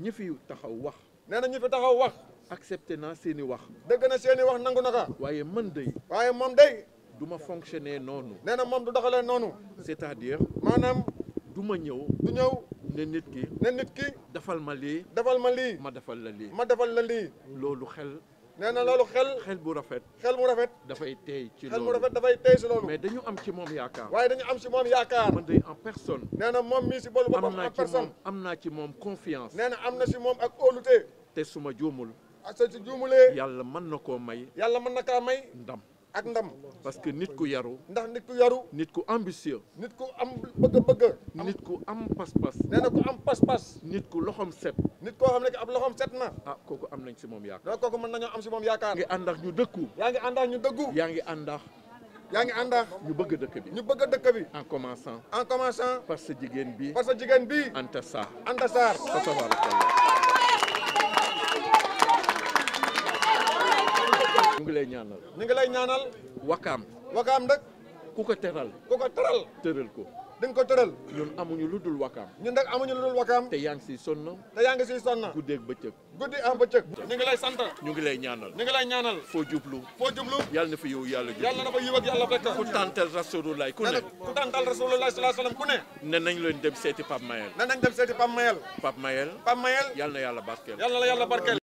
ñi fi taxaw wax. nee na ñi fi taxaw wax. accepté naa seeni wax. dëgg na seeni wax nangu na ko. waaye man day. waaye moom day. du ma fonctionner noonu. nee na moom du doxalee noonu. cest à maanaam. du ma ñëw. du ñëw. ne nit ki. ne nit ki. defal ma lii. defal ma lii. ma defal la lii. ma defal la lii. loolu xel. nee na loolu xel xel bu rafet xel bu rafet dafay tey ci loolu xel dafay tey ci mais dañu am ci moom yaakaar waaye dañu am ci moom yaakaar man day en personne nee na moom mii ci boolu boppam en personne am naa ci moom confiance nee na am na ci moom ak óolute te su ma juumul ak sa ci juumulee yàlla mën na koo may yàlla mën na kaa may ndam ak ndam. parce que nit ku yaru. ndax nit ku yaru. nit ku ambitieux. nit ku am bëgg-bëgg. nit ku am pas-pas. nee ku am pas-pas. nit ku loxom set. nit koo xam ne ab loxom set na. ah kooku am nañ si moom yaakaar. donc kooku mën nañoo am si moom yaakaar. ngi àndax ñu dëkku. yaa ngi àndax ñu dëggu. yaa ngi àndax. yaa ngi àndax ñu bëgg dëkk bi ñu bëgg dëkk bi en commençant en commençant par sa jigéen bi par sa jigéen bi Anta Sarr Anta lay ñaanal. ñu ngi lay ñaanal. wakaam. wakaam nag. ku ko teral. ku ko teral. tëral ko. di ko tëral. ñun amuñu lu dul wakaam. ñun nag amuñu lu dul wakaam. te yaa ngi siy sonn. te yaa ngi siy sonn. guddeeg bëccëg. guddi am bëccëg. ñu ngi lay ñu ngi lay ñaanal. ñu ngi lay ñaanal. foo jublu. foo jublu. na fa yow yàlla jublu. yàlla na fa yiw ak yàlla fekk. ku tàntal rasulullah ku ne. ku tàntal rasulullah sallallahu alayhi wasallam ku ne. ne nañ leen dem seeti Pape Mayel. ne nañ na yàlla